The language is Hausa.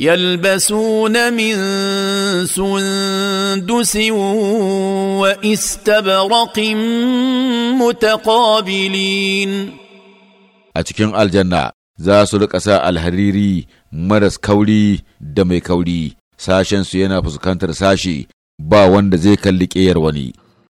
يلبسون من سندس واستبرق متقابلين a cikin aljanna za su riƙa sa alhariri maras kauri da mai kauri sashensu yana fuskantar sashi ba wanda zai kalli ƙeyar wani